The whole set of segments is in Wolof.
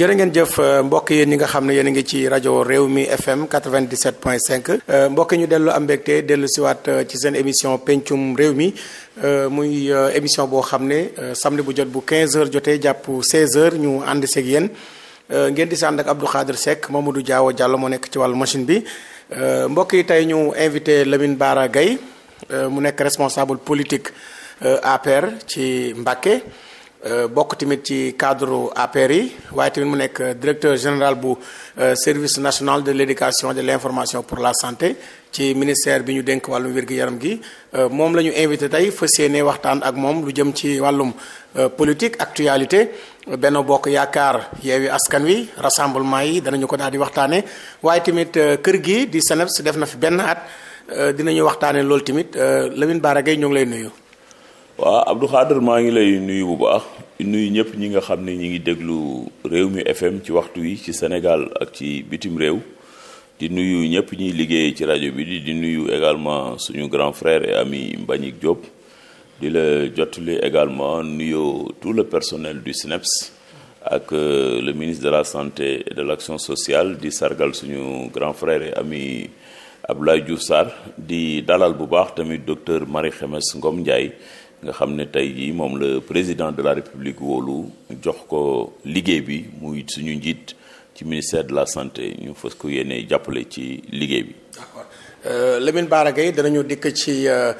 jërë ngeen jëf euh, mbokk yéen ñi nga xam ne yéen a ngi ci rajo réew mi FM 97.5 euh, mbokk ñu dellu am mbégte dellu siwaat euh, ci seen émission pencum réew mi muy émission boo xam ne samedi bu jot bu 15h jotee jàpp 16h ñu ànd seeg yéen ngeen di si ànd ak Abdou Khadre Seck Mamadou Diawo Diallo moo nekk ci wàllu machine bi mbokk yi tey ñu invité Lamine Bara Gaye mu nekk responsable politique APR ci Mbacké. Euh, bokk tamit ci cadre APR yi waaye tamit mu nekk directeur général bu euh, service national de l'éducation de l'information pour la santé ci ministère bi ñu dénk wàllum wér-gu-yaram gi euh, moom la ñu invité tey fas yéene waxtaan ak moom lu jëm ci wàllum politique actualité benn Bokk Yaakaar Yewwi Askan Wi rassemblement yi danañu ko daal di waxtaanee waaye tamit kër gi di si def na fi benn at dina dinañu waxtaanee loolu tamit Lamine Bara Gaye ñoo ngi lay nuyu. waaw Abdou Khader maa ngi lay nuyu bu baax nuyu ñëpp ñi nga xam ne ñi ngi déglu réew mi FM ci waxtu yi ci Sénégal ak ci bitim réew di nuyu ñëpp ñuy liggéey ci rajo bi di di nuyu également suñu grand frère ami Mbagnick Diop di la jottali également nuyo tout le personnel du SNEPS ak euh, le ministre de la santé et de l'action sociale di sargal suñu grand frère et ami Abdoulaye Diouf Sarr di dalal bu baax tamit docteur Marie Khemesse Ngom Ndiaye. nga xam ne tey jii moom la président de la république wóolu jox ko liggéey bi muy suñu njiit ci ministère de la santé ñu fas ko yéene jàppale ci liggéey bi. d'accord euh, Lamine Bara danañu dikk ci. Euh,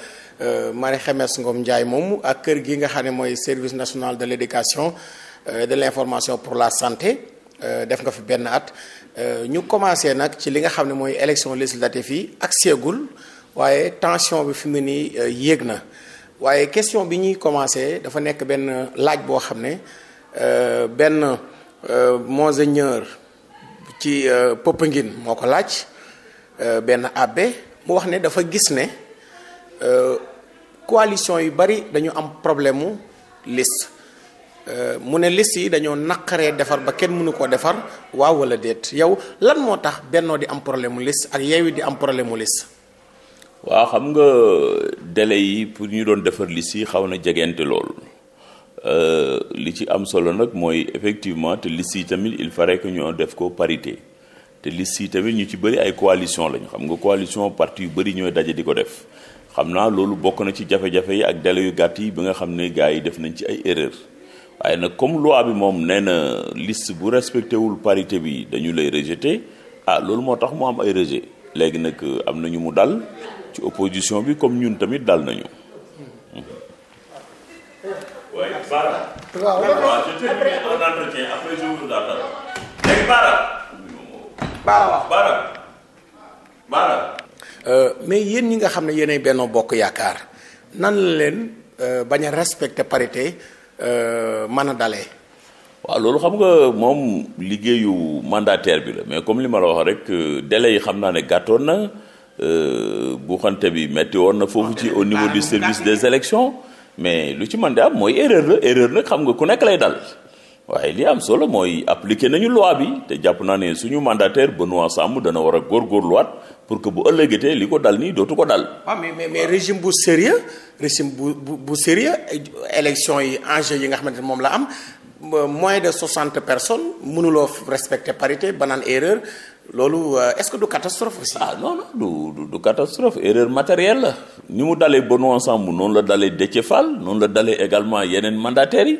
euh, Marie Khemesse ngoom Ndiaye moom ak kër gi nga xam ne mooy service national de l'éducation de l'information pour la santé def nga fi benn at ñu commencé nag ci li nga xam ne mooy élection législative yi ak seegul waaye tension bi fi mu ne nii yéeg na waaye question bi ñuy commencé dafa nekk benn laaj boo xam ne euh, benn euh, monseigneur ci euh, Popenguine moo ko laaj benn abbé mu wax ne dafa gis ne coalition yu bari dañu am problème mu liste mu ne liste yi dañoo naqaree defar ba kenn mënu koo defar waaw wala déet yow lan moo tax bennoo di am problème mu ak yeewi di am problème mu waaw xam nga délai yi pour ñu doon defar liste yi xaw na jegente lool euh, li ci am solo nag mooy effectivement te liste yi tamit il fallait que ñu def ko parité te liste yi tamit ñu ci bëri ay coalition lañu xam nga coalition parti yu bëri ñooy daje di ko def xam naa loolu bokk na ci jafe-jafe yi ak délai yu gàtt yi ba nga xam ne gars yi def nañ ci ay erreur waaye nag comme loi bi moom nee na liste bu respecté wul parité bi dañu lay rejeté ah loolu moo tax mu am ay rejet léegi nag euh, am na ñu mu dal ci opposition bi comme ñun tamit dal nañu. waaye euh, mais yéen ñi nga xam ne yéenay Benno Bokk Yaakaar nan la leen euh, bañ a respecter parité euh, mën a dale waaw loolu xam nga moom liggéeyu mandataire bi la mais comme li ma la wax rek délai yi xam naa ne gàttoon na. Euh, bu xante bi metti woon na foofu ci au niveau du service des élections mais lu ci mën di am mooy erreur la erreur nag xam nga ku nekk lay dal waaye li am solo mooy appliqué nañu loi bi te jàpp naa ne suñu ba Benoît Sambou dana war a góorgóorluwaat pour que bu ëllëgatee li ko dal nii dootu ko dal. waaw ah, mais mais mais régime bu sérieux régime bu bu bu sérieux élection yi enjeu yi nga xamante ne moom la am euh, moins de 60 personnes mënuloo respecter parité banaan erreur. loolu euh, est-ce que du catastrophe aussi. ah non du du du catastrophe erreur matériel la ni mu dalee ba Benoît Sambou noonu la dalee Déthié Fall noonu la dalee également yeneen mandataires yi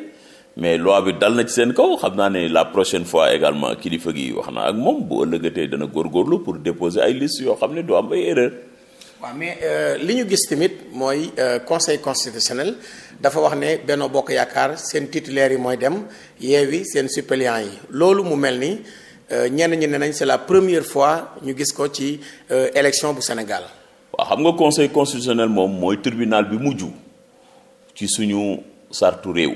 mais loi bi dal na ci seen kaw xam naa ne la prochaine fois également kilifa gi wax na ak moom bu ëllëgatee dana góorlu pour déposer ay liste yoo xam ne du am ay erreur. waa mais euh, li ñu gis tamit mooy euh, conseil constitutionnel dafa wax ne benn Bokk Yaakaar seen titulaire yi mooy dem Yewwi seen suppléants yi loolu mu mel ni. Euh, ñenn ñi ne nañ c'est la première fois ñu gis ko ci euh, élection bu Sénégal. waaw xam nga conseil constitutionnel moom mooy tribunal bi mujj ci suñu sartu réew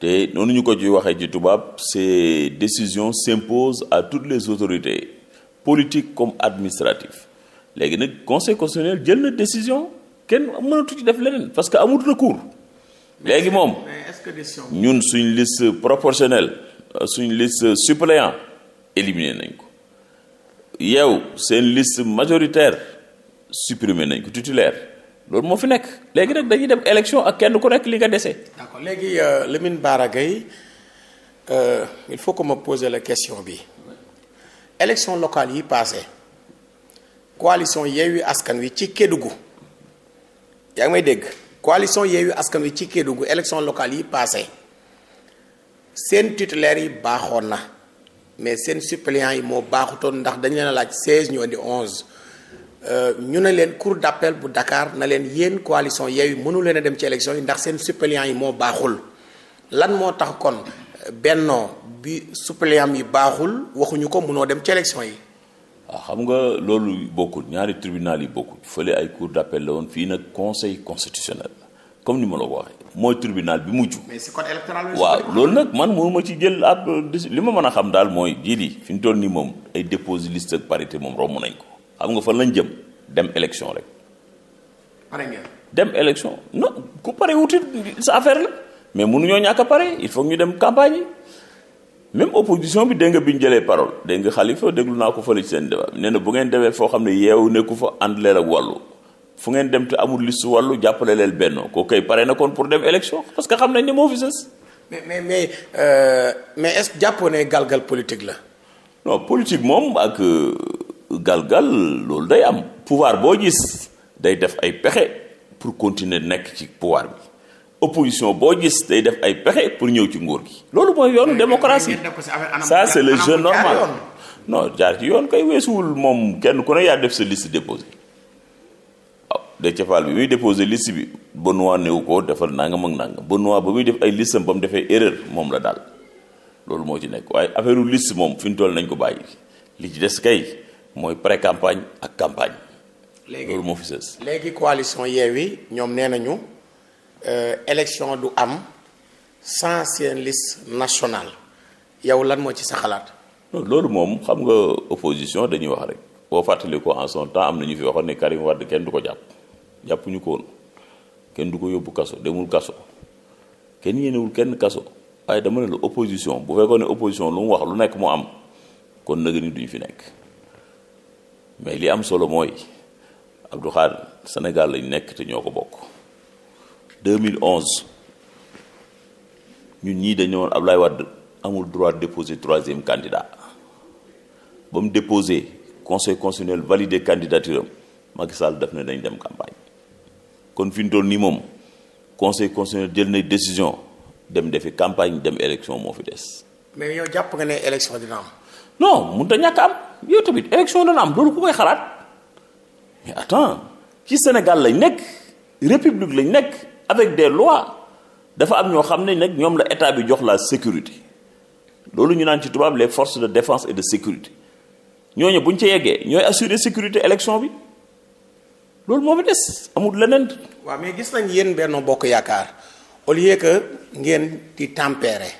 te noonu ñu ko ci waxee ci tubaab ces décisions s'imposent à toutes les autorités politiques comme administratives léegi nag conseil constitutionnel jël na décision kenn mënatu ci def leneen parce que amut amul recours. léegi moom ñun suñ liste proportionnelle euh, suñ liste suppléant éliminé nañ ko yow seen list majoritaire supprimé nañ ko titulaire loolu moo fi nekk léegi nag dañuy dem élection ak kenn ku nekk li nga dese. d'accord léegi euh, Lamine Bara Gaye euh, il faut que ma poser la question bi élection locale yi passé coalition Yewwi Askan Wi ci Kédougou yaa ngi may dégg coalition Yewwi Askan Wi ci Kédougou élection locale yi passé seen titulaire yi baaxoon na. mais seen suppléants yi moo baaxutoon ndax dañu leen a laaj 16 ñu onze 11 euh, ñu ne leen cour d'appel bu dakaar na leen yéen coalition Yewwi mënu leen a dem ci élection yi ndax seen suppléants yi moo baaxul lan moo tax kon bennoo bi suppléants yi baaxul waxuñu ko mënoo dem ci élection yi. waaw ah, xam nga loolu bokkul ñaari tribunal yi bokkul fële ay cour d'appel la woon fii nag conseil constitutionnel comme ni ma la ko waxee. mooy tribunal bi mujj. mais si code électoral waaw loolu nag man mënuma ci jël ab li ma mën a xam daal mooy jii fi ñu toll nii moom ay dépôt liste ak parité moom romb nañ ko xam nga fan lañ jëm dem élection rek. pare ngeen. dem élection non ku pare wuti sa affaire la mais mënuñoo ñàkk a pare il faut ñu dem campagne yi même opposition bi dégg nga bi ñu jëlee parole dégg nga déglu naa ko fa ci seen débat nee na bu ngeen demee foo xam ne yeewu ku fa ànd leer ak wàllu. fu ngeen dem te amul liste wàllu jàppale leen bennoo ko pare na kon pour dem élection parce que xam nañ ne moo fi sës. mais mais mais euh, mais est-ce jàppoo ne galgal politique la. non politique moom ak galgal loolu day am pouvoir boo gis day def ay pexe pour continuer nekk ci pouvoir bi opposition boo gis day def ay pexe pour ñëw ci nguur gi. loolu mooy yoonu démocratie ça c'est les jeu normal no jaar ci yoon kay weesuwul moom kenn ku ne yaa def sa liste déposée. Déthié Fall bi muy déposé liste bi Benoît néew ko defal nangam ak nangam Benoît ba muy def ay listam ba mu defee erreur moom la daal loolu moo ci nekk waaye affaire list moom fi ñu toll nañ ko bàyyi li ci des kay mooy pré campagne ak campagne. léegi loolu moo fi sës. léegi ñoom nee nañu euh, élection du am sans seen liste nationale yow lan moo ci sa xalaat. loolu moom xam nga opposition dañuy wax rek boo fàttali ko en son am na ñu fi waxoon ne Karim Wade kenn du ko jàpp. jàppuñu ko kenn du ko yóbbu kaso demul kaso kenn yéenewul kenn kaso waaye dama ne la opposition bu fekkoon ne opposition lu mu wax lu nekk mu am kon nëgë ni duñ fi nekk mais li am solo mooy Abdou Khadre Sénégal lañ nekk te ñoo ko bokk 2011 ñun ñii dañu ab Ablaye Wade amul droit déposé troisième candidat ba mu déposé conseil constitutionnel validé candidature am Macky Sall def ne dañ dem campagne. kon fi ñu toll nii moom conseil constitutionnel jël na décision dem defi campagne dem élection moo fi des. mais yow jàpp nga ne élection dina am. non mënut a ñàkk am yow tamit élection dana am loolu ku koy xalaat mais attends ci Sénégal lañ nekk république lañ nekk avec des lois dafa am ñoo xam ne nag ñoom la état bi jox la sécurité loolu ñu naan ci tubaab les forces de défense et de sécurité ñooñu bu ñu ci yeggee ñooy assurer sécurité élection bi. loolu moo fi des amul leneen. waa mais gis nañ yéen benn Bokk Yaakaar au lieu que ngeen di tempérer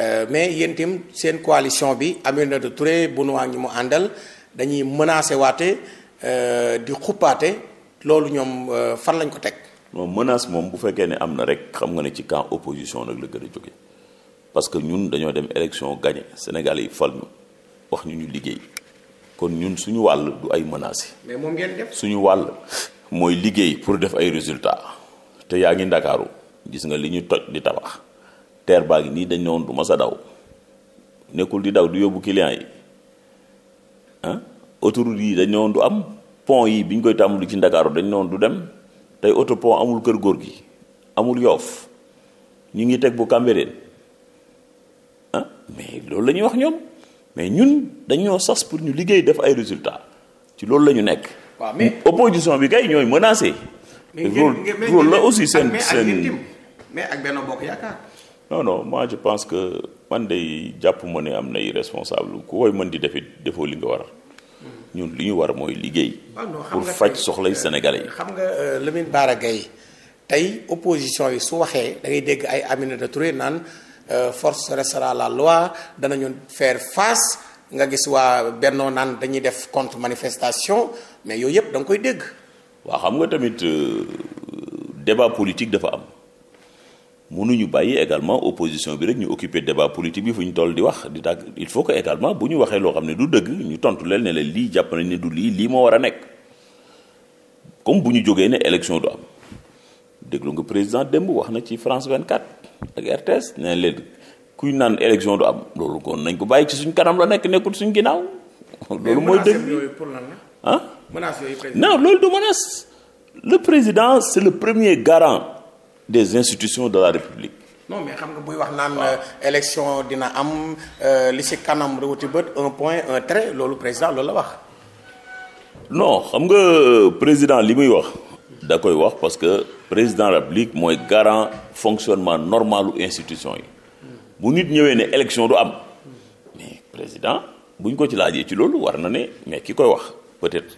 euh, mais yéen seen coalition bi amee Aminata Touré Benoît ñi mu àndal dañuy menacer waate euh, di xuppaate loolu ñoom euh, fan lañ ko teg. non menace moom bu fekkee ne am na rek xam nga ne ci camp opposition nag la gën a jóge parce que ñun dañoo dem élection gagné Sénégal yi fal ñu wax ñu ñu liggéey. kon ñun suñu wàll du ay menaces. mais moom ngeen suñu wàll mooy liggéey pour def ay résultats te yaa ngi ndakaaru gis nga li ñu toj di tabax terre baa ngi nii dañ ne du ma sa daw nekkul di daw di yóbbu clients yi ah autoroute yi dañ ne du am pont yi bi ñu koy tàmbali ci ndakaaru dañ ne du dem tey auto pont amul kër góor gi amul yoof ñu ngi teg bu Cambérène ah mais loolu la ñuy wax ñoom. mais ñun dañoo sas pour ñu liggéey def ay résultats ci loolu la ñu nekk. waaw mais opposition bi kay ñooy menacé. mais loolu la aussi seen seen. mais ak benn bokk yaakaar. non non moi je pense que man day jàpp ma ne am nay responsable ku koy mën di def it defoo li nga war. ñun li ñu war mooy liggéey. pour faj soxlay euh, sénégalais yi. xam nga euh, Lamine Bara Gaye tey opposition yi su waxee da ngay dégg ay Aminata Touré naan. Euh, force restera la loi danañu faire face nga gis waa bennoo naan dañuy def contre manifestation mais yooyu yëpp da nga koy dégg. waaw xam nga tamit euh, débat politique dafa am mënuñu bàyyi également opposition bi rek ñu occuper débat politique bi fu ñu toll di wax di dagg il faut que également bu ñu waxee loo xam ne du dëgg ñu tontu leen ne la lii jàpp nañ ne du lii lii moo war a nekk comme bu ñu jógee ne élection du am déglu nga président démb wax na ci France 24. ak RTS nee leen kuy naan élection du am loolu kon nañ ko bàyyi ci suñ kanam la nekk nekkul suñ ginnaaw. loolu mooy dëgg ah non loolu du menace le président c'est le premier garant des institutions de la République. non mais xam nga buy wax naan euh, élection dina am euh, li ci kanam rawati un point un trait loolu président loolu la wax. non xam nga euh, président li muy wax da koy wax parce que. président de la République mooy garant fonctionnement normal u institution yi bu nit ñëwee ne élection du am mais président bu ñu ko ci laajee ci loolu war na ne mais ki koy wax peut-être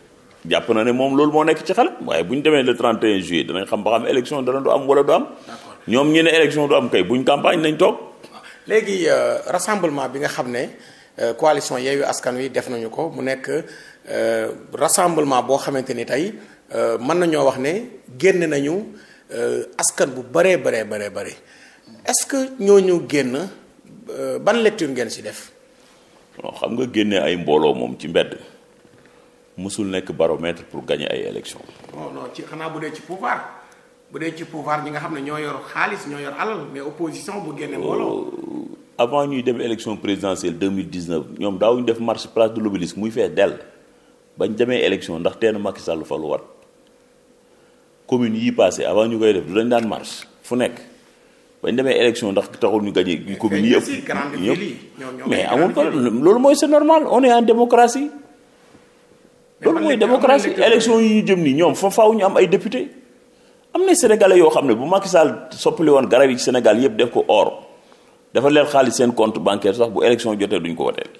jàpp na ne moom loolu moo nekk ci xel waaye buñ demee le 31 juillet danañ xam ba xam élection dana du am wala du am ñoom ñu ne élection du am kay buñ campagne nañ toog léegi euh, rassemblement bi nga xam ne euh, coalition Yewwi Askan Wi def nañu ko mu nekk euh, rassemblement boo xamante ni tey Euh, mën nañoo wax ne génn nañu euh, askan bu bëree bare bare bëri est-ce que ñooñu génn euh, ban lecture ngeen si def. xam nga génne ay mbooloo moom ci mbedd mësul nekk baromètre pour gagner ay élections. non ci xanaa bu dee ci pouvoir bu dee ci pouvoir ñi nga xam ne ñoo yor xaalis ñoo yor alal mais opposition bu génne mbooloo. avant ñuy dem élection présidentielle 2019 ñoom daawuñu def marche place de l'Obélisque muy fees dell bañ demee élection ndax teen Macky Sall faluwaat. communes yi passé avant ñu koy def du dañ daan marche fu nekk bañ demee élection ndax taxul ñu gagné communes yëpp yëpp mais amul problème loolu mooy c'est normal on est en démocratie loolu mooy démocratie élection yi ñu jëm nii ñoom fa faaw ñu am ay député am na sénégalais yoo xam ne bu Macky Sall soppali woon garab yi ci Sénégal yëpp def ko or dafa leen xaalis seen compte bancaire sax bu élection jotee duñ ko woteel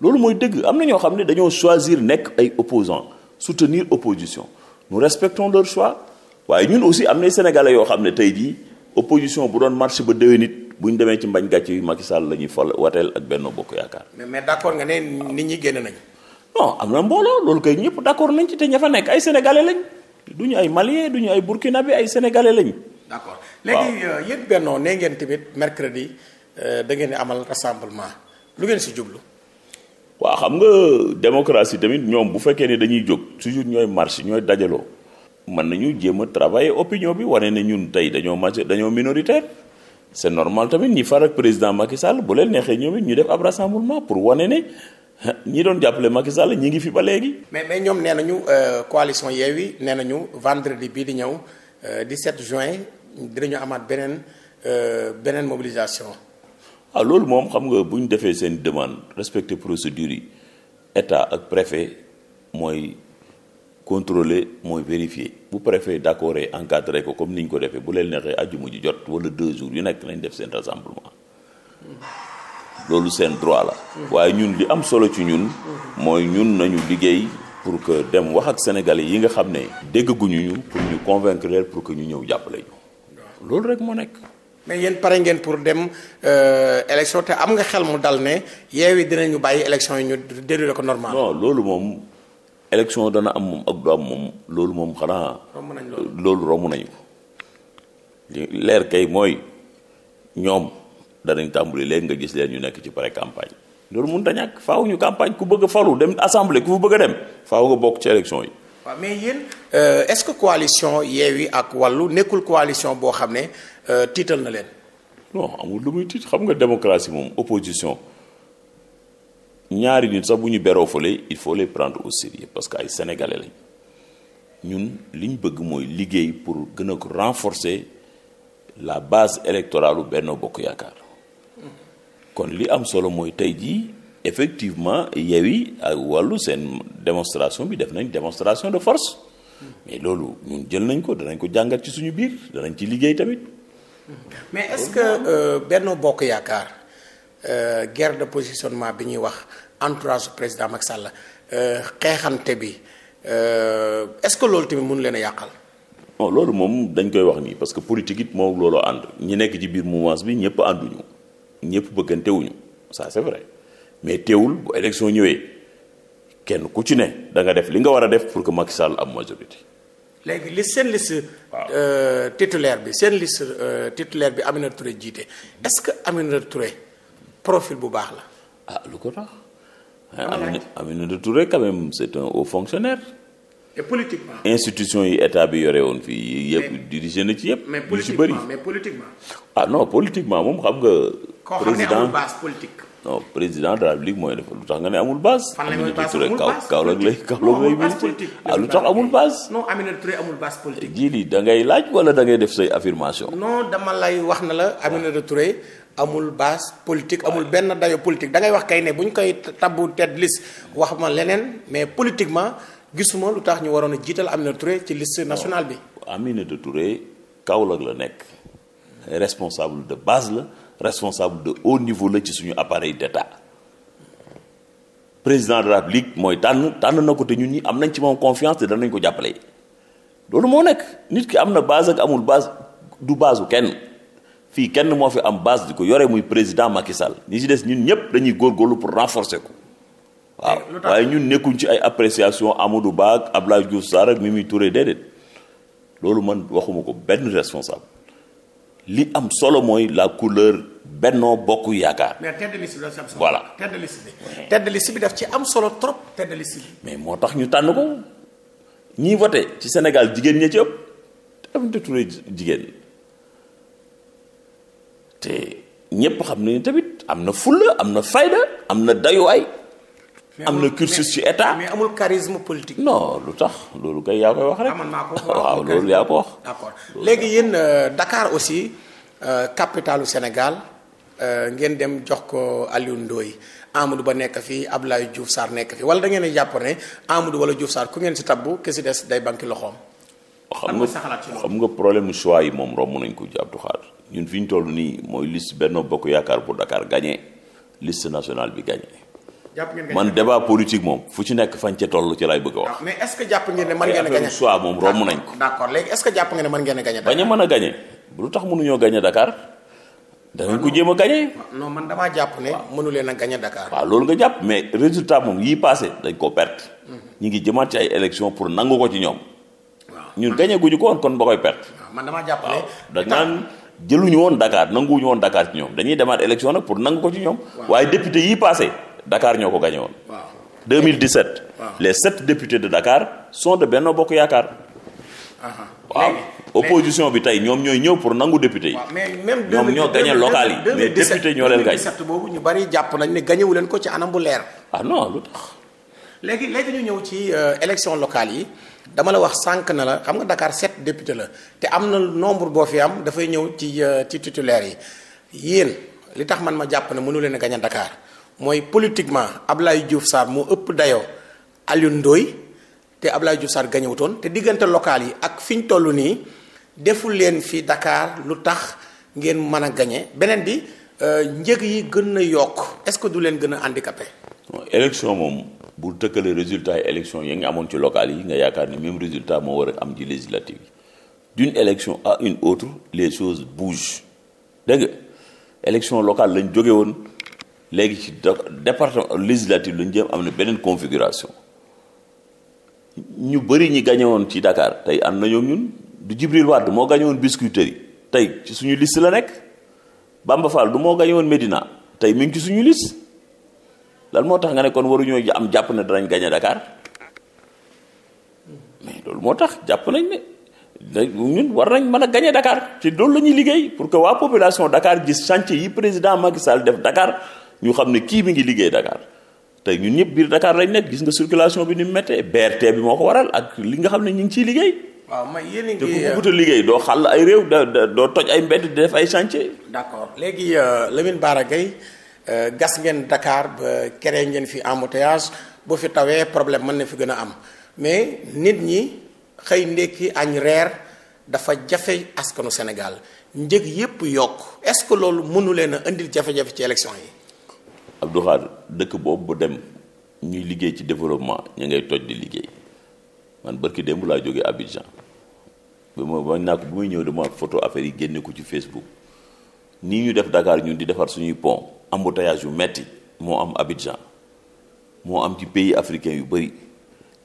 loolu mooy dëgg am na ñoo xam ne dañoo choisir nekk ay opposants soutenir opposition nous respectons leur soi waaye ñun aussi am na sénégalais yoo xam ne tey jii opposition bu doon marche ba déwén nit bu ñu demee ci mbañ gàcce yu Macky Sall la ñuy fal wateel ak Benno Bokk Yaakaar. mais mais d'accord nga ne nit ñi génne nañ. non am na mbooloo loolu kay ñëpp d'accord nañ ci te ña fa nekk ay sénégalais lañ du ñu ay malien du ñu ay bi ay sénégalais lañ. d'accord léegi euh, yéen Benno nee ngeen tamit mercredi euh, da ngeen di amal rassemblement lu ngeen si jublu. waaw xam nga démocratie tamit ñoom bu fekkee ne dañuy jóg toujours ñooy marche ñooy dajaloo mën nañu jéem a travailler opinion bi wane ne ñun tey dañoo maj dañoo minoritaire c'est normal tamit ñi far ak président Macky Sall bu leen neexee ñoom it ñu def ab rassemblement pour wane ne ñi doon jàppale Macky Sall ñi ngi fi ba léegi. mais mais ñoom nee nañu euh, coalition Yewwi nee nañu vendredi bii di ñëw 17 euh, juin dinañu amaat beneen euh, beneen mobilisation. ah loolu moom xam nga bu ñu defee seen demande respecter procédure yi état ak préfet mooy contrôler mooy vérifier bu préfet d'accord encadré ko comme ni ñu ko defee bu leen neexee àjjuma ji jot wala deux jours yu nekk nañ def seen rassemblement loolu seen droit la. waaye ñun li am solo ci ñun. mooy ñun nañu liggéey pour que dem wax ak sénégalais yi nga xam ne déggaguñu ñu pour ñu convaincre pour que ñu ñëw jàppale ñu. loolu rek moo nekk. mais yéen pare ngeen pour dem euh, élection te am nga xel mu dal ne yeewi dinañu bàyyi élection yi ñu déroulé ko normal. non loolu moom élection dana am moom ak du am moom loolu moom xanaa. romb nañ loolu loolu romb nañu ko. leer kay mooy ñoom danañ tàmbali léegi nga gis leen ñu nekk ci pare campagne loolu mënut a ñàkk faaw ñu campagne ku bëgg a falu dem assemblée ku bëgg dem faw nga bokk ci élection yi. waaw mais yéen euh, est-ce que coalition yi ak wàllu nekkul coalition boo xam ne. Euh, tiital na leen. non amul lu muy tiit xam nga démocratie moom opposition ñaari nit sax bu ñu beroo fële il faut les prendre au sérieux parce que ay sénégalais lañ ñun li ñu bëgg mooy liggéey pour gën a ko renforcer la base électorale Benno Bokk Yaakaar kon li am solo mooy tey jii effectivement Yewwi ak Wallu seen démonstration bi def nañ démonstration de force mais loolu ñun jël nañ ko danañ ko jàngat ci suñu biir danañ ci liggéey tamit. mais est-ce que euh, Benno Bokk Yaakaar euh, guerre de positionnement bi ñuy wax entourage président Macky Sall euh, xeexante bi est-ce que loolu tamit mënu leen yàqal. bon loolu moom dañ koy wax nii parce que politique it moom looloo ànd ñi nekk ci biir mouvance bi ñëpp ànduñu ñëpp bëggantewuñu ça c'est vrai mais teewul bu élection ñëwee kenn ku ci ne da def li nga war a def pour que Macky Sall am majorité. léegi li seen liste. Euh, titulaire bi seen liste euh, titulaire bi Aminata Touré jiite est-ce que Aminata Touré profil bu baax la. ah lu ko tax. Ah, Aminata Touré quand même c'est un haut fonctionnaire. et politiquement. institution yi état bi yore woon fii yëpp dirigé na ci yëpp. mais politiquement mais politiquement. ah no politiquement moom xam nga. président politique. non président de la République mooy def lu tax nga ne amul base. fan la mooy base amul base Kaolack lay Kaolack lay ministre ah eh, ngay laaj wala da ngay def say affirmation. non dama wax na la ah. Aminata Touré amul base politique amul benn dayo politique da ngay wax kay ne bu ñu koy tabbu tête liste wax ma leneen mais politiquement gisuma lu tax ñu waroon a jiital Aminata Touré ci liste nationale bi. Aminata Touré Kaolack la nekk responsable de base la. responsable de haut niveau la ci suñu appareil d'État président de la République mooy tànn tànn na ko te ñun ñi am nañ ci moom confiance te danañ ko jàppale loolu moo nekk nit ki am na base ak amul base du base kenn fii kenn moo fi am base di ko yore muy président Macky Sall ñi ci des ñun ñëpp dañuy góorgóorlu pour renforcer ko waaw eh, waaye ñun nekkuñ ci ay appréciation Amadou Ba ak Abdoulaye Diouf Sarr ak Mimi Touré déedéet loolu man waxuma ko benn responsable li am solo mooy la couleur Benno Bokk Yaakaar. mais tête de liste bi daf ci am solo. voilà tête de liste bi. tête ci am solo trop tête de mais moo tax ñu tànn ko ñiy voté ci senegal jigéen ña ci ëpp te am Touré jigéen te ñëpp xam nañu tamit am na fulla am na fayda am na dayuwaay. am na cursus ci état mais amul charisme politique. non lu tax loolu kay yaa koy wax rek. Ah, waaw loolu yaa ko wax. d'accord léegi yéen euh, Dakar aussi euh, capitalu Sénégal euh, ngeen dem jox ko Aliou Ndoye Amadou Ba nekk fii fi lay Diouf Sarr nekk fi wala da ngeen di jàpp ne Amadou wala Diouf Sarr ku ngeen si tabbu ki si des day banki loxoom. xam nga xam nga problème mu choix yi moom romb nañ ko jàpp xaar ñun fi ñu toll nii mooy liste Benno Bokk Yaakaar bu Dakar gagné liste nationale bi gagné. jàpp ngeen man débat politique moom fu ci nekk fañ ca toll ci laay bëgg a wax. Ah, mais est ce que jàpp ngeen ne mën ngeen a gagné ko. Ah, d' a gagné. bañ lu tax mënuñoo gagné Dakar. danañ man damaa jàpp ne. mënu leen a gagné Dakar. waaw loolu nga jàpp mais résultat moom yii passé dañ koo perte. Mhm. ñu ngi pour nangu ko ci ñoom. waaw ñun gagné guñu kon ba koy perte. man damaa jàpp ne dañ naan jëluñu woon Dakar nanguwuñu woon Dakar ci ñoom dañuy demaat élection nag pour nangu ko ci ñoom. waaye député yii passé Dakar ñoo ko gagné woon. waaw 2017. waaw les sept députés de dakaar sont de Benno Bokk Yaakaar. waaw opposition bi tey ñoom ñooy ñëw pour nangu député yi. ñoom ñoo gagné local yi mais député ñoo leen gañ. 2017 boobu ñu bari jàpp nañ ne gagné leen ko ci anam bu leer. ah non lu tax. léegi léegi ñu ñëw ci euh, élection locale yi dama la wax sànq na la xam nga dakaar sept député la te am na nombre boo fi am dafay ñëw ci euh, ci titulaire yi yéen li tax man ma jàpp ne mënu leen a gañ a Dakar. mooy politiquement Ablaye Diouf saar moo ëpp dayoo Alioune Ndoye te Ablaye Diouf Sarr gañewutoon te diggante local yi ak fi ñu toll nii deful leen fi dakaar lu tax ngeen mën a gañe beneen bi euh, njëg yi gën a yokk est-ce que du leen gën a handicapé. élection moom bu tëkkalee résultat yi yi nga amoon ci local yi nga yaakaar ni même résultat moo war a am ci législative yi d'une élection à une autre les choses bougent dégg nga élection locale lañ jógewoon léegi ci département législative lu ñu jëm am na beneen configuration ñu bëri ñi gañe woon ci Dakar tey na nañoo ñun du Jibril Wade moo gañe woon Biscuiterie tey ci suñu liste la nekk Bamba du moo gañe woon Médina tey mi ngi ci suñu liste lan moo tax nga ne kon waruñoo am jàpp ne danañ gañe dakaar mais loolu moo tax jàpp nañ ne ñun war nañ mën a gañe dakaar ci loolu la ñuy liggéey pour que waa population Dakar gis chantier yi président Macky Sall def Dakar ñu xam ne kii mi ngi liggéey Dakar te ñun ñëpp biir Dakar lañ nekk gis nga circulation bi ni mu méttee BRT bi moo ko waral ak li nga xam ne ñu ngi ciy liggéey. waaw man yéen a liggéey doo xal ay réew doo toj ay mbenn di def ay chantier. d'accord léegi euh, Lamine Bara Gaye euh, gas ngeen Dakar ba kere ngeen fi embouteillage bu fi tawee problème mën na fi gën a am mais nit ñi xëy ndekki añ reer dafa jafe askanu Sénégal njëg yépp yokk est-ce que loolu mënu leen a indil jafe-jafe yi. Abdou Khadre dëkk boobu bu dem ñuy liggéey ci développement ñu ngay toj di liggéey man barki démb laa jógee Abidjan bi ma bañ naa ko bi muy ñëw dama photo affaire yi génne ko ci Facebook nii ñu def Dakar ñun di defar suñuy pont embouteillage yu metti moo am Abidjan moo am ci pays africain yu bëri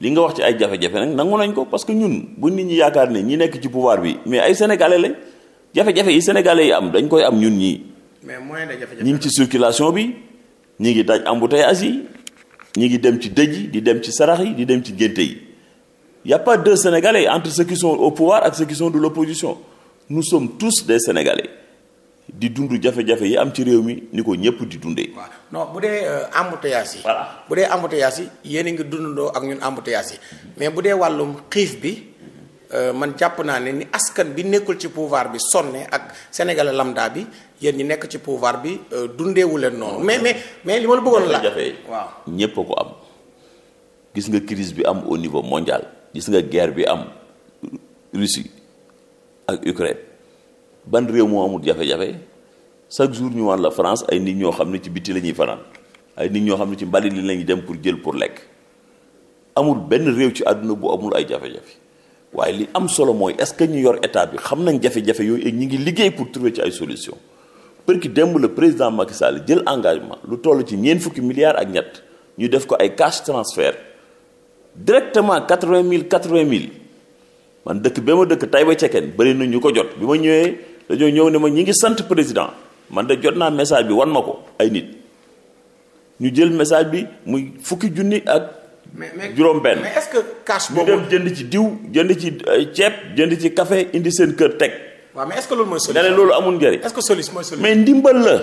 li nga wax ci ay jafe-jafe nag nangu nañ ko parce que ñun bu nit ñi yaakaar ne ñi nekk ci pouvoir bi mais ay sénégalais lañ jafe-jafe yi sénégalais yi am dañ koy am ñun ñii. mais moyen de jafe-jafe ci circulation bi. ñi ngi daj embouteillage yi ñu ngi dem ci dëj yi di dem ci sarax yi di dem ci génte yi y a pas deux sénégalais entre ceux qui sont au pouvoir ak ceux qui sont de l'opposition nous sommes tous des sénégalais di dund jafe-jafe yi am ci réew mi ni ko ñëpp di dundee. waaw non bu dee euh, embouteillage yi. voilà bu dee embouteillage yi yéen a ngi dundandoo ak ñun embouteillage yi mais bu dee wàllum xiif bi. Euh, man jàpp naa ne ni askan bi nekkul ci pouvoir bi sonne ak sénégalais lambda bi yéen ñi nekk ci pouvoir bi euh, dundeewu leen noonu. mais mais mais li ma la bëggoon la waaw ñëpp a ko am gis nga crise bi am au niveau mondial gis nga guerre bi am Russie ak Ukraine ban réew moo amul jafe-jafe chaque jour ñu waan la France ay nit ñoo xam ne ci bitti la ñuy fanaan ay nit ñoo xam ne ci mbalit li la ñuy dem pour jël pour lekk amul benn réew ci àdduna bu amul ay jafe-jafe. waaye li am solo mooy est-ce que ñu yor état bi xam nañ jafe-jafe yooyu ak ñi ngi liggéey pour trouver ci ay solution per que démb la président Macky Sall jël engagement lu toll ci ñeent fukki milliards ak ñett ñu def ko ay cash transfert directement mille 000 80 000 man dëkk bee ma dëkk Taïba Cekkeen bëri na ñu ko jot bi ma ñëwee dañoo ñëw ne ma ñi ngi sant président man de jot naa message bi wan ma ko ay nit ñu jël message bi muy fukki junni ak. juróom benn mais est-ce que cash boobu ñu jënd ci diw jënd ci euh, ceeb jënd ci kafe indi seen kër teg. waaw mais est-ce loolu mooy solution est-ce que mais ndimbal la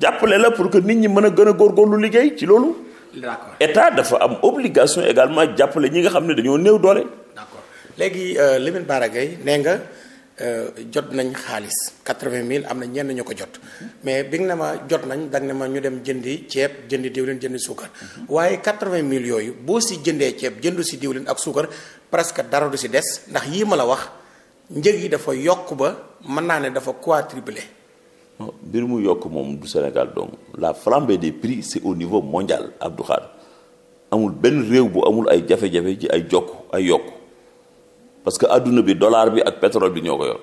jàppale la pour que nit ñi mën a gën a góorgóorlu liggéey ci loolu. d'accord dafa am obligation également jàppale ñi nga xam ne dañoo néew doole. d'accord léegi euh, Lamine Bara Gaye nee nga. Euh, jot nañ xaalis quatre-vingt mille am na ñenn ñu ko jot mais bi nga ne ma jot nañ danga ne ma ñu dem jëndi ceeb jëndi diwlin jëndi suukar waaye quatre-vingt mille yooyu boo si jëndee ceeb jëndu si diwlin ak suukar presque dara du si des ndax yii ma la wax njëg yi dafa yokk ba mën naa ne dafa quadruplé. non mbir mu yokk moom du Sénégal donc la flambée des prix c'est au niveau mondial Abdou Khadre amul benn réew bu amul ay jafe-jafe ci ay jokk ay yokk. parce que adduna bi dollar bi ak pétrole bi ñoo ko yor.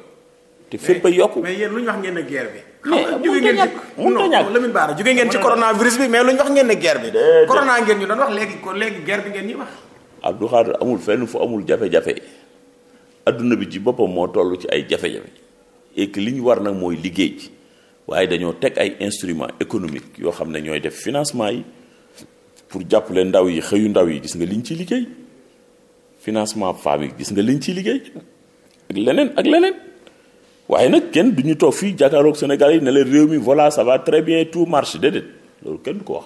te fépp a yokku mais lu ñu wax ngeen ne guerre bi. mun mënut a ñàkk mënut a ñàkk Lamine Bara jóge ngeen ci coronavirus bi mais lu ñu wax ngeen ne guerre bi. corona ngeen ñu doon wax léegi ko léegi guerre bi ngeen ñuy wax. Abdou Khadre amul fenn fu amul jafe-jafe adduna bi ci boppam moo toll ci ay jafe-jafe et li ñu war nag mooy liggéey ci waaye dañoo teg ay instruments économiques yoo xam ne ñooy def financement yi pour jàppale ndaw yi xëyu ndaw yi gis nga liñ ci liggéey. financement femmes yi gis nga liñ ciy liggéey ak leneen ak leneen waaye nag kenn du ñu toog fii jàkkaaroog Sénégal yi ne leen réew mi voilà ça va très bien tout marche déedéet loolu kenn du ko wax.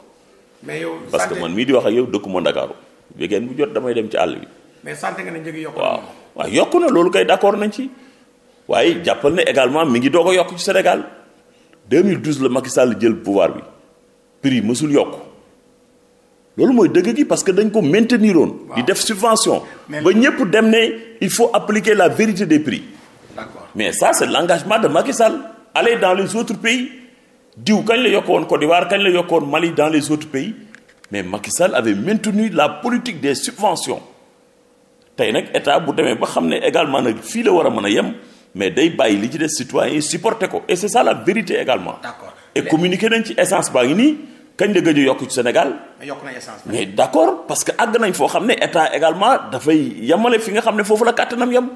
mais yow parce que man mii di wax ak yow ma Ndakaaru weekend bu jot damay dem ci àll bi. mais sant nga ne njëg yokku waaw waaw yokk na loolu kay d'accord nañ ci waaye jàppal ne également mi ngi doog a yokk ci Sénégal deux 2012 la Macky Sall jël pouvoir bi prix mësul yokk. loolu mooy dëgg gi parce que dañ ko maintenir woon. di def subvention. ba ñëpp dem ne il faut appliquer la vérité des prix. d'accord mais ça c'est l'engagement de Macky Sall. aller dans les autres pays diw kañ la yokk woon Côte d'Ivoire kañ la yokk woon Mali dans les autres pays mais Macky Sall avait maintenu la politique des subventions tey nag état bu demee ba xam ne également nag fii la war a mën a yem mais day bàyyi li ci des citoyens yi supporter ko et c'est ça la vérité également. nañ ci essence baa nii. kañ la gëj a yokk ci Sénégal. mais yokk na essence. mais d' accord parce que àgg nañ foo xam ne état également dafay yemale fi nga xam ne foofu la kàttanam yem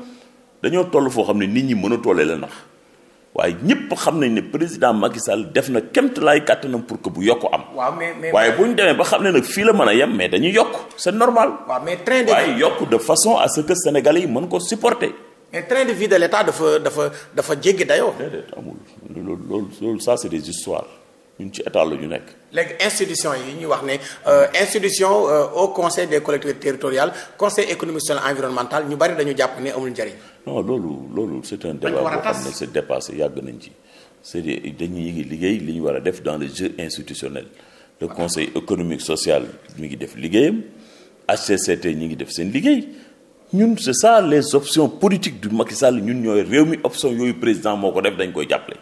dañoo toll foo xam ne nit ñi mën a tollee la nax waaye ñëpp xam nañ ne président Macky Sall def na kemt laay kàttanam pour que bu yokk am. waaw mais mais waaye bu ñu demee ba xam ne nag fii la mën a yem mais dañuy yokk c' est normal. waaw mais waaye yokk de façon à ce que sénégalais yi mën ko supporter. mais train de vie de l' état dafa dafa dafa jéggi dayoo. déedéet amul loolu loolu ça c' est ñun ci état la ñu nekk. léegi institution yi ñu wax ne euh, institution euh, au conseil des collectivités territoriales conseil économique social environnemental ñu bari dañu jàpp ne amul njëriñ. non loolu loolu c'est un débat boo xam ci. c'est liggéey li ñu war def dans le jeu institutionnel. le social mi ngi def liggéeyam HCCT ñi ngi def seen liggéey. ñun c'est ça les options politiques du Macky Sall ñun ñooy réew mi option yooyu président moo ko def dañ koy jàppale.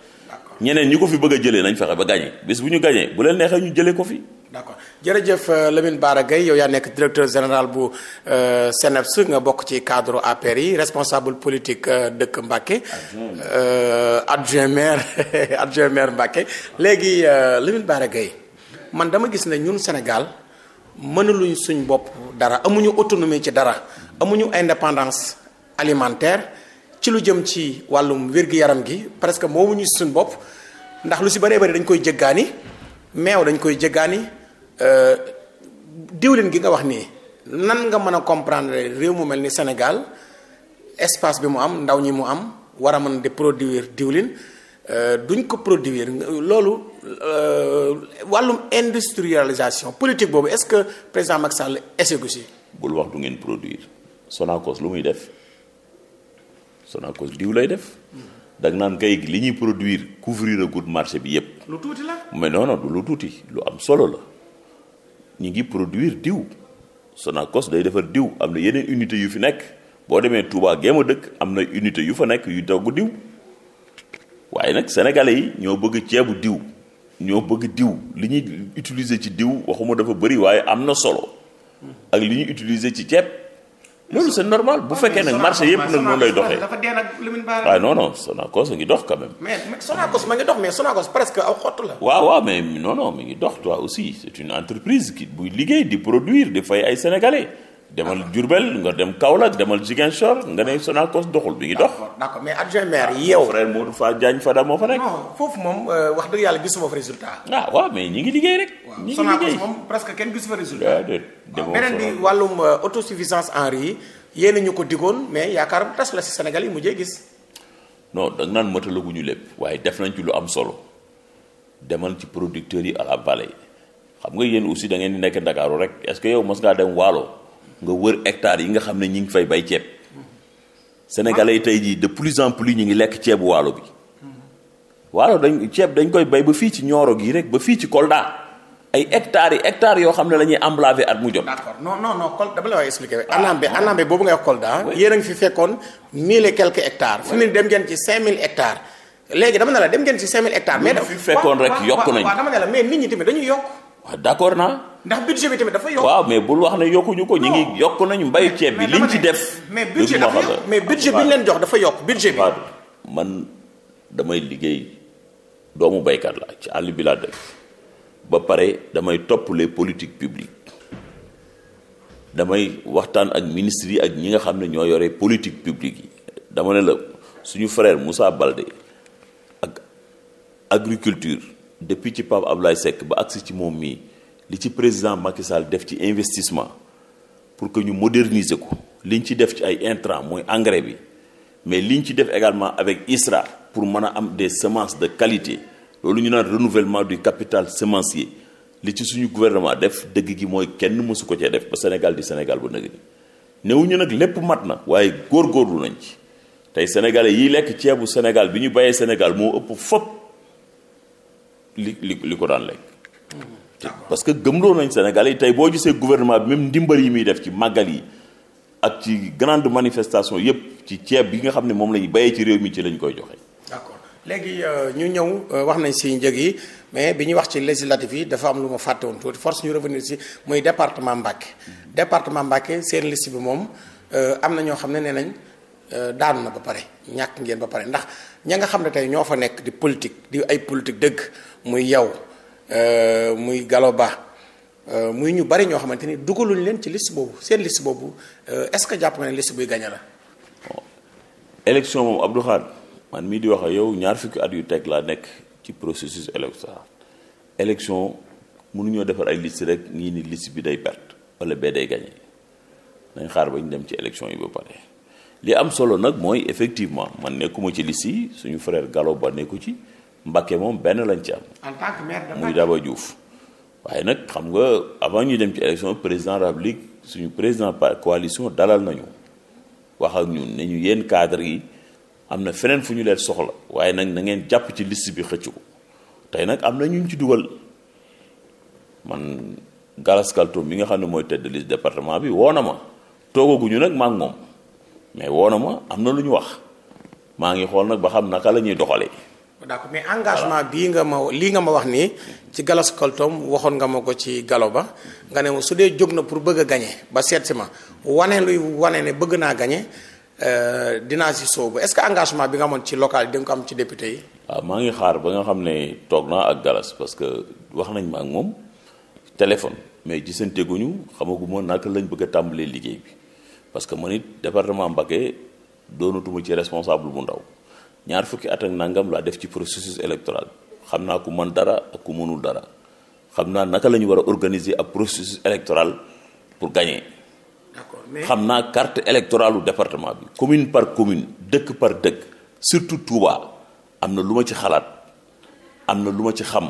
ñeneen ñi ko fi bëgg a jëlee nañ fexe ba gagné bis bu ñu gagné bu leen neexee ñu jëlee ko fi. d'accord jërëjëf euh, Lamine Bara Gaye yow yaa nekk directeur général bu CNEPS euh, nga bokk ci cadre APR yi responsable politique euh, dëkk Mbacké. adjoint maire adjoint maire Mbacké léegi Lamine Bara Gaye man dama gis ne ñun Sénégal mënuluñ suñ bopp dara amuñu autonomie ci dara amuñu indépendance alimentaire. lu jëm ci wàllum wér yaram gi presque moomu ñu suñ bopp ndax lu si bare bëri dañ koy jëggaani meew dañ koy jëggaani euh, diwlin gi nga wax nii nan nga mën a comprendre réew mu mel ni Sénégal espace bi mu am ndaw ñi mu am war a mën di produire diwlin euh, duñ ko produire loolu euh, wàllum industrialisation politique boobu est-ce que président Macky Sall essaye si. bul wax du ngeen produire Sonacos lu muy def. son Sonacos diw lay def. da nga naan kay li ñuy produire couvrir agul marché bi yépp lu tuuti la mais non non du lu tuuti lu am solo la ñu ngi produire diw. Sonacos day defar diw am na yeneen unité yu fi nekk boo demee Touba géema dëkk am na unité yu fa nekk yu togg diw waaye nag sénégalais yi ñoo bëgg ceebu diw ñoo bëgg diw li ñuy utiliser ci diw waxuma dafa bëri waaye am na solo ak li ñuy utiliser ci ceeb. loolu c'est normal bu fekkee nag marché yëpp nag noonu lay doxee dafa dee nag Lamine Bara waaw ah, a ngi dox quand même. mais Sonacos ngi dox mais Sonacos presque aw xott la. waaw waaw mais non non mi ngi dox toi aussi c'est buy liggéey di produire di fay ay sénégalais. demal Diourbel nga dem Kaolack demal Ziguinchor nga ne Sonacos doxul bi ngi dox. d'accord mais adjoint maire yow. frère Modou Fa Diagne fa nekk. non foofu moom euh, wax dëgg yàlla gisuma fa résultat. ah waaw ñi ngi liggéey rek. ñi ngi liggéey moom presque kenn gisu fa résultat. demoo beneen bi wàllum euh, autosuffisance en riz yi yéen ñu ko digoon mais yaakaar bu tas la si Sénégal yi mujjee gis. non da nga naan matalaguñu lépp waaye def nañ ci lu am solo demal ci producteurs yi à la vallée xam nga yéen aussi da ngeen di nekk Ndakaaru rek est-ce que yow mos ngaa dem Waalo nga wër hectares yi nga xam ne ñi ngi fay bay ceeb. Sénégalais yi tey jii de plus en plus ñu ngi lekk ceebu waalo bi. waalo dañ ceeb dañ koy bay ba fii ci Nioro gi rek ba fii ci Kolda. ay hectares yi hectares yoo xam ne la ñuy at mu jot. d'accord non non non Kolda dama bi anam bi boobu nga wax Kolda. oui yéen a ngi fi fekkoon mille et quelques hectares. fi dem ngeen ci cinq mille ectare léegi dama ne la dem ngeen ci cinq mille hectares. mais fekkoon rek yokk nañu waaw dama ne la mais nit ñi tamit dañuy yokk. waaw ah, d'accord naa. ndax budget bi tamit dafa yokk. waaw mais bul wax ne yokkuñu ko ñu ngi yokk nañu mbayu ceeb bi li ñu ci def. mais budget mais budget bi ñu leen jox dafa yokk budget bi. man damay liggéey doomu baykat la ci àll bi laa dëkk ba pare damay topp les politiques publiques damay waxtaan ak ministres yi ak ñi nga xam ne ñoo yore politique publique yi dama ne la suñu frère Moussa Baldé ak agriculture depuis ci Pape Ablaye Seck ba agsi ci moom mii li ci président Macky def ci investissement pour que ñu moderniser ko liñ ci def ci ay intrants mooy engrais bi mais liñ ci def également avec ISRA pour mën a am des semences de qualité loolu ñu naan renouvellement du capital semencier li ci suñu gouvernement def dëgg gi mooy kenn mësu ko cee def ba Sénégal di Sénégal bu nëg ni newuñu nag lépp mat na waaye góor góorgóorlu nañ ci tey sénégalais yiy lekk ceebu Sénégal bi ñu bàyyee Sénégal moo ëpp fop li li li ko daan lekk mmh. parce que gëmloo nañ sénégalais yi tey boo gisee gouvernement bi même ndimbal yi muy def ci màggal yi ak ci grande manifestation yépp ci ceeb bi nga xam ne moom la ñu bàyyee ci réew mi ci lañ koy joxe léegi euh, ñu ñëw euh, wax nañ si njëg yi mais bi ñuy wax ci législatif yi dafa am lu ma fàtte woon tuuti force ñu revenir si muy département Mbacké département Mbacké seen liste bi moom euh, am na ñoo xam ne nee nañ daanu na ba pare ñàkk ngeen ba pare ndax ña nga xam ne tey ñoo fa nekk di politique di ay politique dëgg muy yow muy Gallo Ba muy ñu bari ñoo xamante ni dugaluñ leen ci liste boobu seen liste boobu est-ce que jàpp nga ne liste buy gañe la. man mii di wax ak yow ñaar fukki at yu teg laa nekk ci processus électoral élection mënuñoo defar ay liste rek ñii ni liste bi day perte wala bee day gagné nañ xaar ba ñu dem ci élection yi ba pare. li am solo nag mooy effectivement man nekkuma ci liste yi suñu frère Gallo Ba nekku ci Mbacké moom benn lañ ci am. en tant que maire muy Daba Diouf. waaye nag xam nga avant ñu dem ci élection président république suñu président par coalition dalal nañu wax ak ñun ne ñu yi. am na feneen fu ñu leen soxla waaye nag na jàpp ci liste bi xëcc ko tey nag am na ñu ñu ci dugal man Galas Kaltoum mi nga xam ne mooy tête de liste bi woo na ma toogaguñu nag maak moom mais woo na ma am na lu ñu wax maa ngi xool nag ba xam naka la ñuy doxalee. d'accord mais engagement bii nga ma lii nga ma wax nii ci Galas Kaltoum waxoon nga ma ko ci galo ba nga ne ma su dee jóg na pour bëgg a gañe ba seet si ma wane luy wane ne bëgg naa gañe Euh, dinaa si soobu est-ce que engagement bi nga amoon ci local yi di ko am ci député yi. waaw ah, maa ngi xaar ba nga xam ne toog naa ak Galas parce que wax nañ ma ak moom téléphone mais gisante guñu xamaguma naka lañ bëgg a tàmbalee liggéey bi parce que man it département Mbacké doonatuma ci responsable bu ndaw ñaar fukki at ak nangam laa def ci processus électoral xam naa ko man dara ak ku mënul dara xam naa naka la ñu war a organiser ak processus électoral pour gagner. xam naa carte électorale u département bi commune par commune dëkk par dëkk surtout Touba am na lu ma ci xalaat am na lu ma ci xam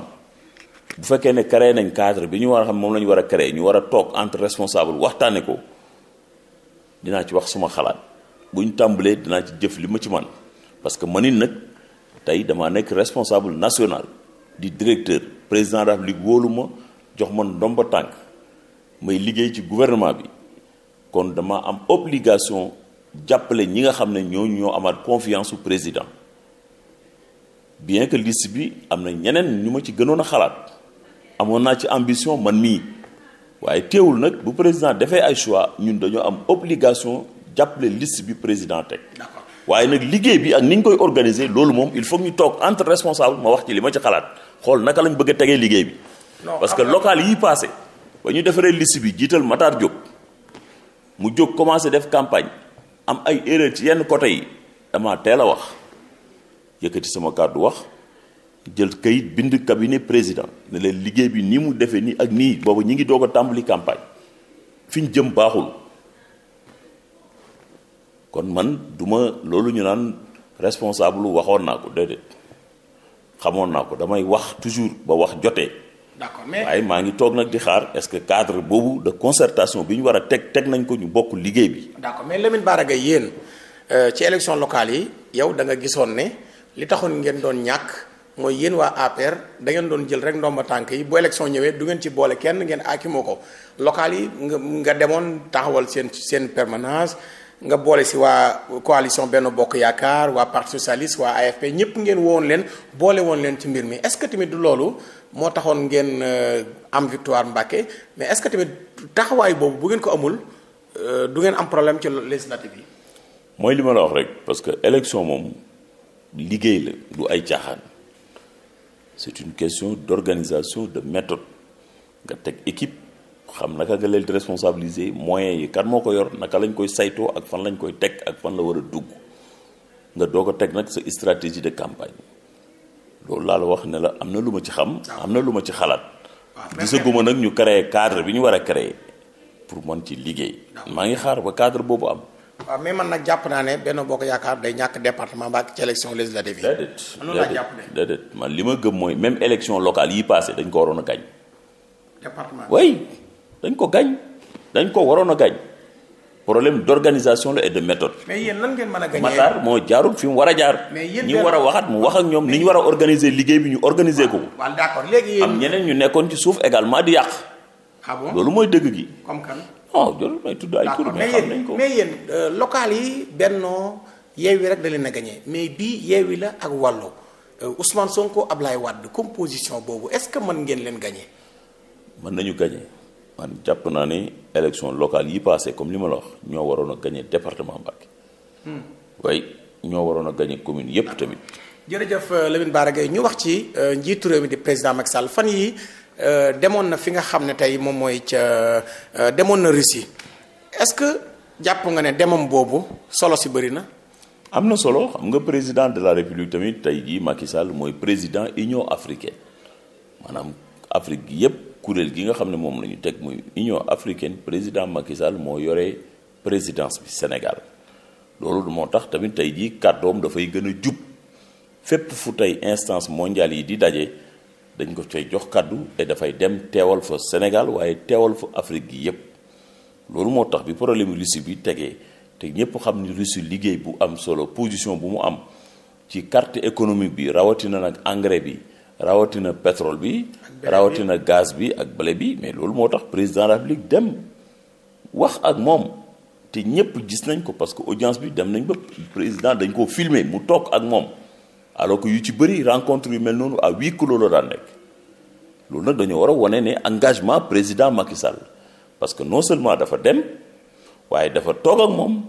bu fekkee ne créé nañ cadre bi ñu war a xam moom la ñu war a créé ñu war a toog entre responsable waxtaane ko dinaa ci wax suma xalaat bu ñu tàmbalee dinaa ci jëf li ma ci man parce que man it nag tey damaa nekk responsable national di directeur président de la République wóolu ma jox man ndomba tànk may liggéey ci gouvernement bi kon dama am obligation jàppale ñi nga xam ne ñooñu ñoo amaat confiance su président bien que liste bi am na ñeneen ñu ma ci gënoon a xalaat amoon naa ci ambition man mii waaye teewul nag bu président defee ay choix ñun dañoo am obligation jàppale liste bi président teg waaye nag liggéey bi ak ni ñu koy organiser loolu moom il faut ñu toog entre responsable ma wax ci li ma ci xalaat xool naka lañ bëgg a tegee liggéey bi parce que locale yi passé ba ñu defaree liste bi jiital Matar Diop mu jóg commencé def campagne am ay erreur ci yenn côté yi dama teel a wax yëkkati sama kàddu wax jël kayit bind cabinet président ne leen liggéey bi ni mu defee nii ak nii boobu ñu ngi doog a tàmbali campagne fi ñu jëm baaxul kon man duma loolu ñu naan responsable waxoon naa ko déedéet xamoon naa ko damay wax toujours ba wax jotee d'accord mais waaye maa ngi toog nag di xaar est-ce que cadre boobu de concertation bi ñu war a teg teg nañ ko ñu bokk liggéey bi. d'accord mais Lamine Bara Gaye yéen euh, ci élection locale yi yow da nga gisoon ne li taxoon ngeen doon ñàkk mooy yéen waa APR da ngeen doon jël rek ndomba tànk yi bu élection ñëwee du ngeen ci boole kenn ngeen aakimoo ko locale yi nga nga demoon taxawal seen seen permanence. nga boole si waa coalition benn bokk yaakaar waa parti socialiste waa AFP ñëpp ngeen woon leen boole woon leen ci mbir mi est-ce que du loolu moo taxoon ngeen euh, am victoire Mbacké mais est-ce que tamit taxawaay boobu bu ngeen ko amul euh, du ngeen am problème ci les législative yi. mooy li ma la wax rek parce que élection moom liggéey la du ay caaxaan c'est une question d'organisation de méthode nga teg équipe. xam naka nga leen di responsabiliser moyens yi kan moo ko yor naka lañ koy saytoo ak fan lañ koy teg ak fan la war a dugg nga doog a teg nag sa stratégie de campagne loolu laa wax ne la am na lu ma ci xam. am na lu ma ci xalaat. gisaguma nag ñu créer cadre bi ñu war a créer pour mën ci liggéey. maa ngi xaar ba cadre boobu am. waaw mais man nag jàpp naa ne benn boo ko yaakaar day ñàkk département ba ak ci élection législative yi. déedéet déedéet déedéet man li ma gëm mooy même élection locale yi passé dañ ko waroon a gañ. dañ ko gañ dañ ko waroon a gañ problème d'organisation la et de méthode. mais yéen lan ngeen mën a gañee moo jaarul fi mu war a jaar. mais yéen ñi war a waxaat mu wax ak ñoom ni ñu war a organiser liggéey bi ñu organiser ko. Ah, waaw d'accord léegi am ñeneen ñu nekkoon ci suuf également di yàq. ah bon loolu mooy dëgg gi. comme kan. Oh, may tudd ay tur. mais xam nañ ko euh, yi bennoo yeewi rek da leen a gañee mais bii yeewi la ak wàllu euh, Ousmane Sonko Ablaye Wade composition boobu est-ce que mën ngeen leen gañee. mën nañu gañee. man jàpp naa ne élection locale yi passé comme li ma la wax ñoo waroon a gagné département Mbacké. Hmm. waaye ñoo waroon a gagné commune yépp tamit. jërëjëf euh, Lamine Bara Gaye ñu wax ci euh, njiitu réew mi di président Macky Sall fan yi euh, demoon na fi nga xam ne tey moom mooy ca demoon na Russie est-ce que jàpp nga ne demam boobu solo si bëri na. am na solo xam nga président de la république tamit tey jii Macky Sall mooy président Union africaine maanaam Afrique yépp kuréel gi nga xam ne moom la ñu teg muy Union africaine président Macky Sall moo yoree présidence bi Sénégal loolu moo tax tamit tey jii kàddoom dafay gën a jub fépp fu tey instance mondiale yi di daje dañ ko cay jox kàddu dafay dem teewal fa Sénégal waaye teewal fa Afrique gi yépp loolu moo tax bi problème Russie bi tegee te ñépp xam ni Russie liggéey bu am solo position bu mu am ci carte économique bi rawatina nag engrais bi rawatina pétrole bi rawatina gaz bi ak blé bi mais loolu moo tax président de dem wax ak moom te ñëpp gis nañ ko parce que audience bi dem nañ ba président dañ koo filmer mu toog ak moom alors yu ci bëri rencontre yu mel noonu à huis clos la daan nekk loolu nag dañoo war a wane ne engagement président Macky Sall parce que non seulement dafa dem waaye dafa toog ak moom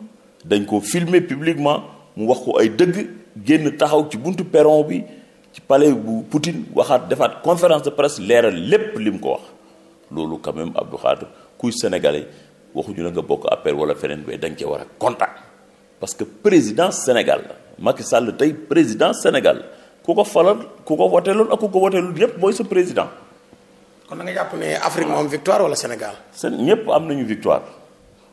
dañ ko filmer publiquement mu wax ko ay dëgg génn taxaw ci buntu perron bi ci palais bu Poutine waxaat defaat conférence de presse leeral lépp li mu ko wax loolu quand même Abdou Khadre kuy sénégalais waxuñu la nga bokk appel wala feneen bay da nga cee war a contact parce que président Sénégal la Macky Sall tey président Sénégal ku ko falal ku ko woteeloon ak ku ko woteelul yépp mooy sa président. kon na nga jàpp ne Afrique moo am victoire wala Sénégal. seen ñëpp am nañu victoire.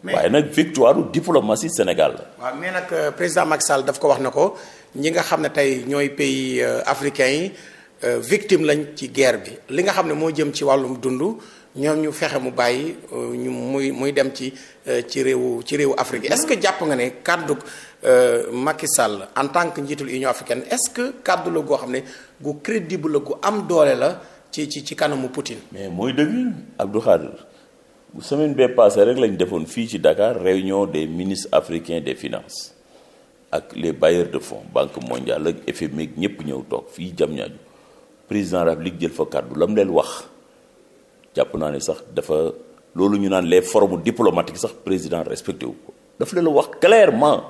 waaye nag victoire diplomatie Sénégal la. waaw mais nag euh, président Macky Sall daf ko wax na ko. ñi nga xam ne tey ñooy pays euh, africain yi euh, victime lañ ci guerre bi li nga xam ne moo jëm ci wàllum dund ñoom ñu fexe mu bàyyi euh, ñu muy muy dem ci ci réewu ci réewu Afrique est-ce que jàpp nga ne kàddu Macky Sall en tant que njiitul Union africaine est-ce que kàddu la goo xam ne gu crédible la gu am doole la ci ci ci kanamu Poutine. mais mooy dëgg Abdou Khadir bu semaine bee passé rek lañ defoon fii ci Dakar réunion des ministres africain des finance ak les bailleurs de fonds banque mondiale ak FMI ñëpp ñëw toog fii Diamniadio président de la République jël fa kàddu lam leen wax jàpp naa ne sax dafa loolu ñu naan les foromu diplomatiques sax président respecté wu ko daf leen wax clairement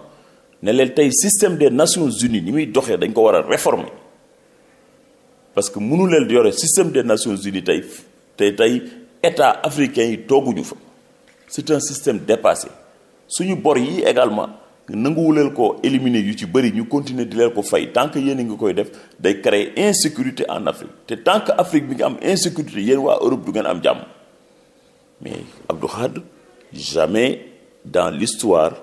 ne leen tey système des nations unies ni muy doxee dañ ko war a réformer parce que mënu leen yore système des nations unies tey tey tey état africain yi tooguñu fa c'est un système dépassé suñu bor yi également nanguwuleel ko éliminer yu ci bëri ñu continuer di leen ko fay tant que yéen a ngi koy def day créer insécurité en Afrique te tant que Afrique bi nga am insécurité yéen waa Europe du ngeen am jàmm mais Abdou Khadre jamais dans l'histoire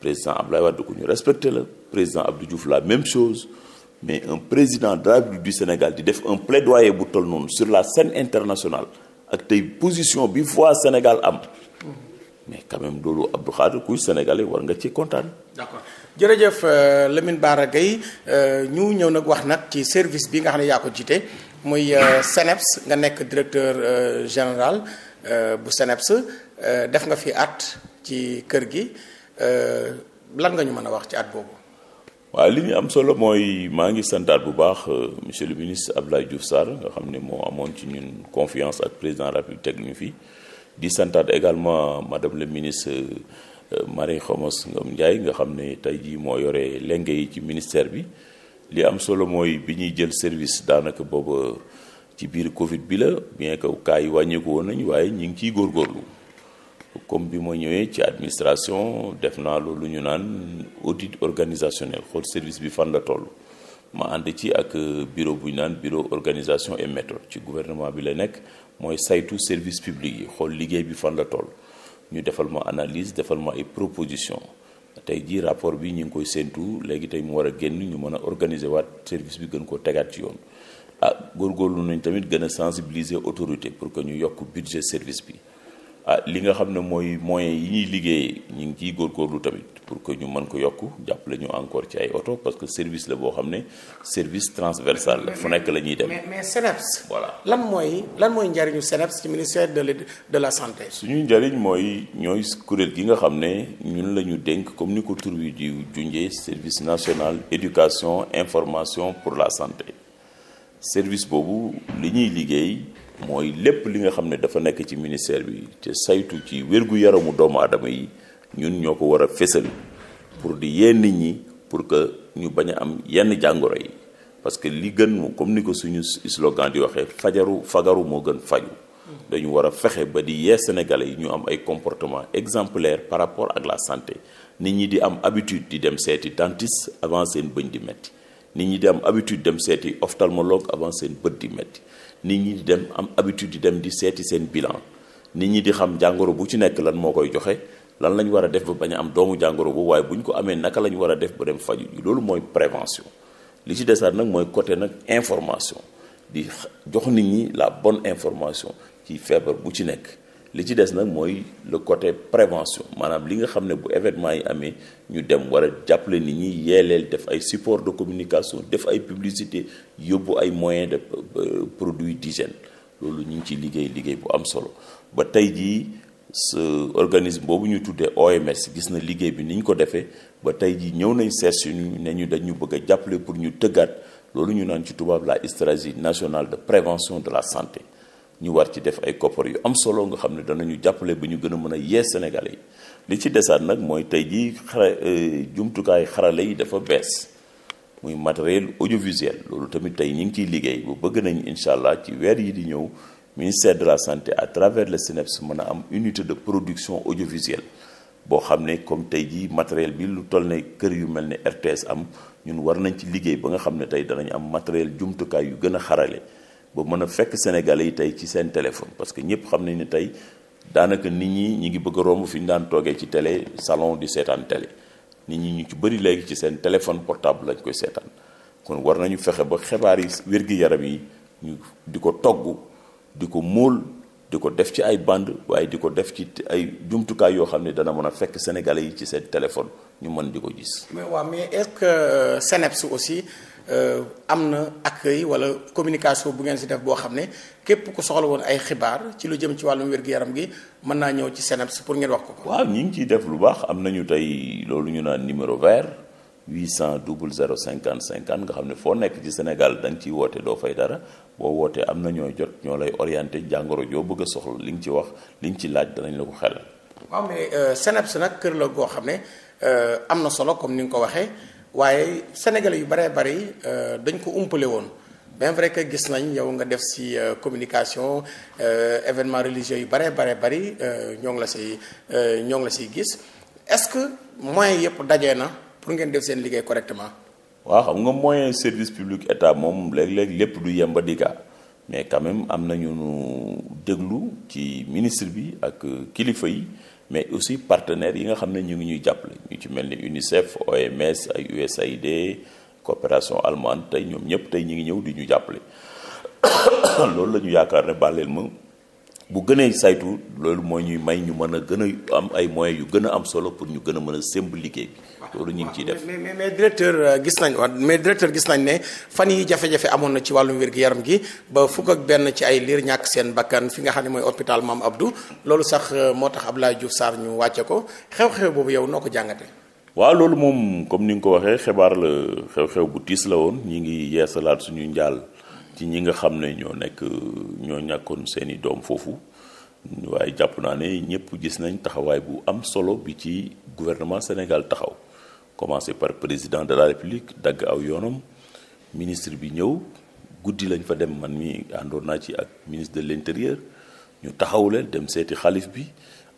président Abdoulaye Wade ku ñu respecté la président Abdou Diouf la même chose mais un président de la République du Sénégal di def un plaidoyer bu toll noonu sur la scène internationale ak tey position bi fois Sénégal am mais quand même loolu Abdou Khadre kuy sénégalais war nga ci kontaan. d'accord jërëjëf euh, Lamine Bara Gaye euh, ñu ñëw nag wax nag ci service bi nga xam ne yaa ko jiite mooy euh, SNEIPS nga nekk directeur général bu SNEIPS def nga fi at ci kër gi lan nga ñu mën a wax ci at boobu. waaw li ñu am solo mooy maa ngi santaat bu baax monsieur le ministre Abdoulaye Diouf Sarr nga xam ne moo amoon ci ñun confiance ak président République teg ñu di santaat également madame le ministre euh, Marie Khomos Ngom Ndiaye nga xam ne tey jii moo yore lenge yi ci ministère bi li am solo mooy bi ñuy jël service daanaka booba ci biir Covid bi la bien que cas yi wàññeeku woon nañ waaye ñu ngi ciy góorgóorlu comme bi ma ñëwee ci administration def naa lu ñu naan audit organisationnel xool service bi fan la toll. ma ànd ci ak euh, bureau bu ñu naan bureau organisation et méthode ci gouvernement bi la nekk mooy saytu service public yi xool liggéey bi fan la tool ñu defal ma analyse defal ma ay proposition tey jii rapport bi ñu ngi koy séentu léegi tey mu war a génn ñu mën a organiser waat service bi gën koo tegaat ci yoon ah góorgóorlu nañ tamit gën a sensibiliser autorité pour que ñu yokk budget service bi ah li nga xam ne mooy moyens yi ñuy liggéeyee ñu ngi ciy góorgóorlu tamit pour que ñu mën ko yokk jàpp ñu encore ci ay oto parce que service la boo xam ne service transversal la fu nekk lañuy ñuy dem. mais mais voilà lan mooy lan mooy njariñu SNEPS ci ministère de de la santé. suñu njariñ mooy ñooy kuréel gi nga xam ne ñun la ñu dénk comme ni ko tur bi di junjee service national éducation information pour la santé service boobu li ñuy liggéey. mooy lépp li nga xam ne dafa nekk ci ministère bi te saytu ci wérgu yaramu doomu aadama yi ñun ñoo ko war a fésal pour di yee nit ñi pour que ñu bañ am yenn jàngoro yi parce que li gën mu comme ni ko suñu slogan di waxee fajaru fagaru moo gën faju dañu war a fexe ba di yee sénégalais yi ñu am ay comportement exemplaire par rapport ak la santé nit ñi di am habitude di dem seeti dentiste avant seen bëñ di metti nit ñi di am habitude dem seeti ophtalmologue avant seen bët di metti nit ñi di dem am habitude di dem di seeti seen bilan nit ñi di xam jàngoro bu ci nekk lan moo koy joxe lan la ñu war a def ba bañ am doomu jàngoro boobu waaye bu ñu ko amee naka la ñu war a def ba dem faju loolu mooy prévention li ci desaat nag mooy côté nag information di jox nit ñi la bonne information ci feebar bu ci nekk li ci des nag mooy le côté prévention maanaam li nga xam ne bu événement yi amee ñu dem war a jàppale nit ñi yeeleel def ay support de communication def ay publicité yóbbu ay moyens de euh, produits d'hygiène loolu ñu ngi ciy liggéey liggéey bu am solo ce organisme boobu ñuy tuddee OMS gis na liggéey bi ni ñu ko defee ba tey ji ñëw nañ seet si ñu ne ñu dañu bëgg a jàppale pour ñu tëggaat loolu ñu naan ci tubaab la stratégie nationale de prévention de la santé ñu war ci def ay koppar yu am solo nga xam ne danañu jàppale ba ñu gën a mën a yee Sénégalais yi li ci desaat nag mooy tey ji xara euh, jumtukaay xarale yi dafa bees muy matériel audiovisuel loolu tamit tey ñu ngi ciy liggéey bu bëgg nañ incha allah ci weer yi di ñëw ministère de la santé à travers le CNEPS mën a am unité de production audiovisuelle boo xam ne comme tey jii matériel bi lu toll ne kër yu mel ne RTS am ñun war nañ ci liggéey ba nga xam ne tey danañ am matériel jumtukaay yu gën a xarale ba mën a fekk sénégalais yi tey ci seen téléphone parce que ñëpp xam nañ ne tey daanaka nit ñi ñu ngi bëgg a romb fi ñu daan toogee ci télé salon di seetaan télé nit ñi ñu ci bëri léegi ci seen téléphone portable lañ koy seetaan kon war nañu fexe ba xibaar yi wér-gi-yaram yi ñu di ko togg di ko muul di ko def ci ay bande waaye di ko def ci ay jumtukaay yoo xam ne dana mën a fekk sénégalais yi ci seen téléphone ñu mën di ko gis. mais waaw mais est-ce que euh, SNEIPS aussi euh, am na accueil wala communication bu ngeen si def boo xam ne képp ko soxla woon ay xibaar ci lu jëm ci wàllum wér-gu-yaram gi mën naa ñëw ci SNEIPS pour ngeen wax ko. waaw ñu ngi ciy def lu baax am nañu tey loolu ñu naan numéro vert. 800 00 50 50 nga xam ne foo nekk ci Sénégal dañ nga ciy woote doo fay dara boo wootee am na ñooy jot ñoo lay orienté jàngoro joo bëgg a soxla li nga ci wax li nga ci laaj danañ la ko xelal. na mais euh, SNEIPS nag kër la goo xam ne euh, am na solo comme ni nga ko waxee waaye sénégalais yu baree bari euh, dañ ko umpale woon bien vrai que gis nañ yow nga def si communication événement religieux yu baree baree bari ñoo ngi la si ñoo ngi la si gis est-ce que moyens yëpp daje na. pour ngeen def seen liggéey correctement. waa xam nga moyen service public état moom léeg-léeg lépp du yemba dika mais quand am nañu déglu ci ministre bi ak kilifa yi mais aussi partenaires yi nga xam ne ñu ngi ñuy jàppale ñu ci mel ni UNICEF OMS ay USAID coopération allemande tey ñoom ñëpp tey ñu ngi ñëw di ñu jàppale loolu la ñu yaakaar ne bàlleel ma bu gënee saytu loolu mooy ñuy may ñu mën a gën a am ay moyens yu gën a am solo pour ñu gën a mën a sémb liggéey bi. loolu ñu ngi ciy def mais mais directeur euh, gis nañ wa mais directeur gis nañ ne fan yi jafe-jafe amoon na ci wàllum wér-gu-yaram gi ba fukk ak benn ci ay liir ñàkk seen bakkan fi nga xam ne mooy hôpital Mame Abdou loolu sax euh, moo tax Abdoulaye Diouf Sarr ñu wàcce ko xew-xew boobu yow noo ko jàngate waaw loolu moom comme ni nga ko waxee xibaar la xew-xew bu tiis la woon ñi ngi yeesalaat suñu njaal ci ñi nga xam ne ñoo nekk ñoo ñàkkoon seeni doom foofu waaye jàpp naa ne ñëpp gis nañ taxawaay bu am solo bi ci gouvernement Sénégal taxaw commencé par président de la république dagg aw yoonam ministre bi ñëw guddi lañ fa dem man mii àndoon naa ci ak ministre de l'intérieur ñu taxaw leen dem seeti xalif bi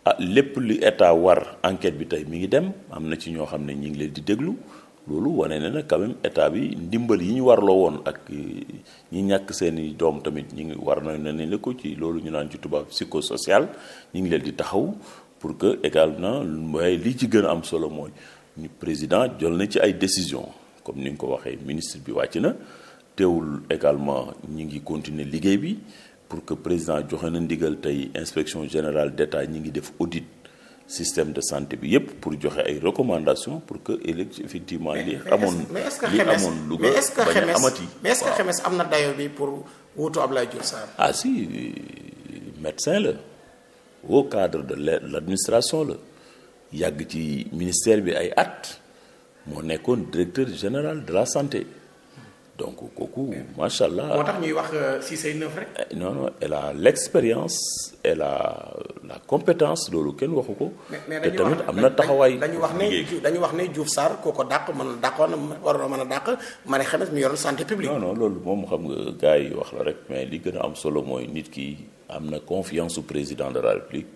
ah lépp lu état war enquête bi tey mi ngi dem am na ci ñoo xam ne ñi ngi leen di déglu loolu wane na ne quand même état bi ndimbal yi ñu warloo woon ak eh, ñi ñàkk seeni doom tamit ñu ngi war na ne ne ko ci loolu ñu naan ci tubaab psychosocial ñu ngi leen di taxaw pour que également waaye li ci gën a am solo mooy ñu président jol na ci ay décisions comme ni nga ko waxee ministre bi wàcc na teewul également ñi ngi continuer liggéey bi pour que président joxe na ndigal tey inspection générale d'État ñi ngi def audit système de santé bi yépp pour joxe ay recommandations pour que élect effectivement li amoon li amoon Louga bañ a amati mais est-ce que xemes am na dayo bi pour wuutu Abdoulaye Diouf Sarr ah si médecin la au cadre de l'administration la yàgg ci ministère bi ay at moo nekkoon directeur général de la santé donc kooku macha allah. moo tax ñuy wax euh, si say neuf rek. Eh, noonu non elle a l' expérience compétence loolu kenn waxu ko. te tamit am na taxawaay. dañu wax ne dañu wax ne Diouf Sarr koo ko dàq mën a dàqoon waroon mën a dàq Marie Khemesse mi yoroon santé publique. non non loolu moom xam nga gars yi wax la rek mais li gën a am solo mooy nit ki am na confiance su président de la république.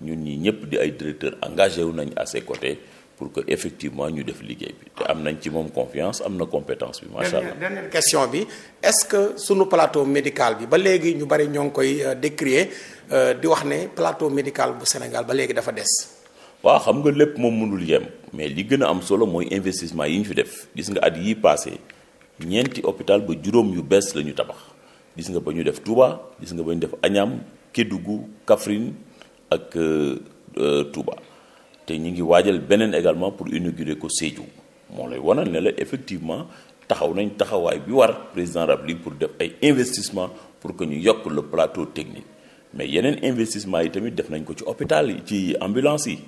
ñun ñi ñëpp di ay directeur engagé wu nañ à ses pour que effectivement ñu def liggéey bi te am nañ ci moom confiance am na compétence bi macha allah dernière question bi est-ce que sunu plateau médical bi ba léegi ñu bari ñoo ngi koy euh, décrier euh, di wax ne plateau médical bu Sénégal ba léegi dafa des waaw xam nga lépp moom mënul yem mais li gën a am solo mooy investissement yi ñu fi def gis nga at yi passé ñeenti hôpital ba juróom yu bees la ñu tabax gis nga ba ñu def Touba gis nga ba ñu def Agnam Kédougou Kaffrine ak euh, Touba te ñu ngi waajal beneen également pour inaugurer ko Sédhiou moo lay wanal ne la effectivement taxaw nañ taxawaay bi war président République pour def ay investissement pour que ñu yokk le plateau technique mais yeneen investissement yi tamit def nañ ko ci hôpital yi ci ambulance yi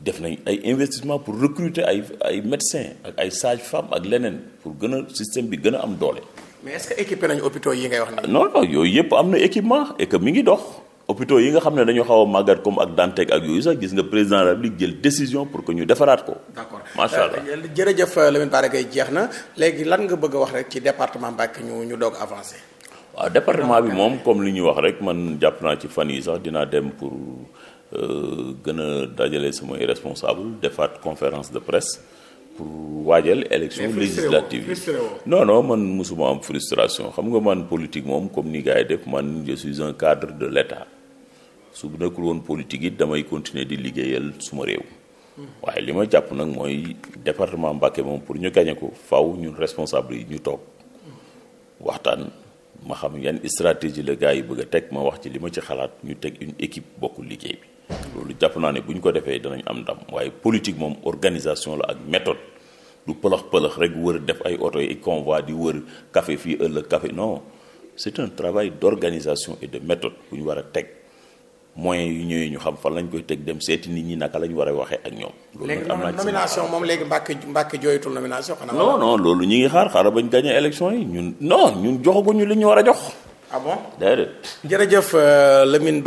def nañ ay investissement pour recruter ay ay médecins ak ay sages-femmes ak leneen pour gën a système bi gën a am doole. mais est-ce que équipé yi ngay wax. non non yooyu yëpp am na équipement et que mi ngi dox. hôpitaux yi nga xam ne dañu xaw a màggat comme ak Dantec ak yooyu sax gis nga président de la jël décision pour que ñu defaraat ko. d'accord macha allah euh, euh, jërëjëf euh, Lamine Bara Gaye jeex na léegi lan nga bëgg a wax rek ci département Mbacké ñu ñu doog avancé. waaw département bi moom comme li ñuy wax rek man jàpp naa ci fan yi sax dinaa dem pour gën a dajale sama responsable defaat conférence de presse. pour waajal élection législative yi non non man musuma am frustration xam nga man politique moom comme ni gars yi def man de l'État su nekkul woon politique it damay continuer di liggéeyal suma réew. waaye li ma jàpp nag mooy département Mbacké moom pour ñu gañe ko faw ñu responsable yi ñu toog waxtaan ma xam yan stratégie la gars yi bëgg a teg ma wax ci li ma ci xalaat ñu teg une équipe bokkul liggéey bi. loolu jàpp naa ne bu ñu ko defee danañ am ndam waaye politique moom organisation la ak méthode du pëlëx pëlëx rek wër def ay oto yi convoi di wër café fii ëllëg café non un travail d'organisation et de méthode bu ñu war a teg. moyens yu ñëwee ñu xam fan lañ koy teg dem seeti nit ñi naka lañ war a waxee ak ñoom. am na nomination moom léegi Mbacke Mbacke jooytul nomination. xanaa non non loolu ñu ngi xaar xaaral bañ gagné élection yi ñun non ñun joxaguñu li ñu war a jox. ah bon déedéet. jërëjëf euh, Lamine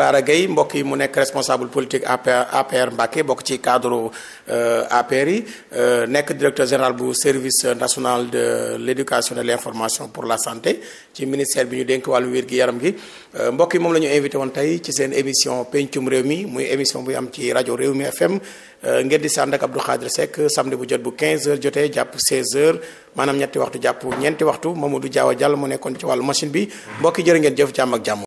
mbokk yi mu nekk responsable politique APR APR Mbacke bokk ci cadre euh, APR yi euh, nekk directeur général bu service national de l' de l' information pour la santé ci ministère bi ñu dénk wàllu wér yaram gi. Euh, mbokk yi moom la ñu invité woon tey ci seen émission pencum réew mi muy émission bu am ci rajo réew mi FM euh, ngeen di sànd ak Abdou Khadre Seck samedi bu jot bu 15h jotee jàpp 16h maanaam ñetti waxtu jàpp ñeenti waxtu Mamadou Diawa jàll mu nekkoon ci wàllu machine bi mbokk yi jërë jëf jàmm ak jàmm.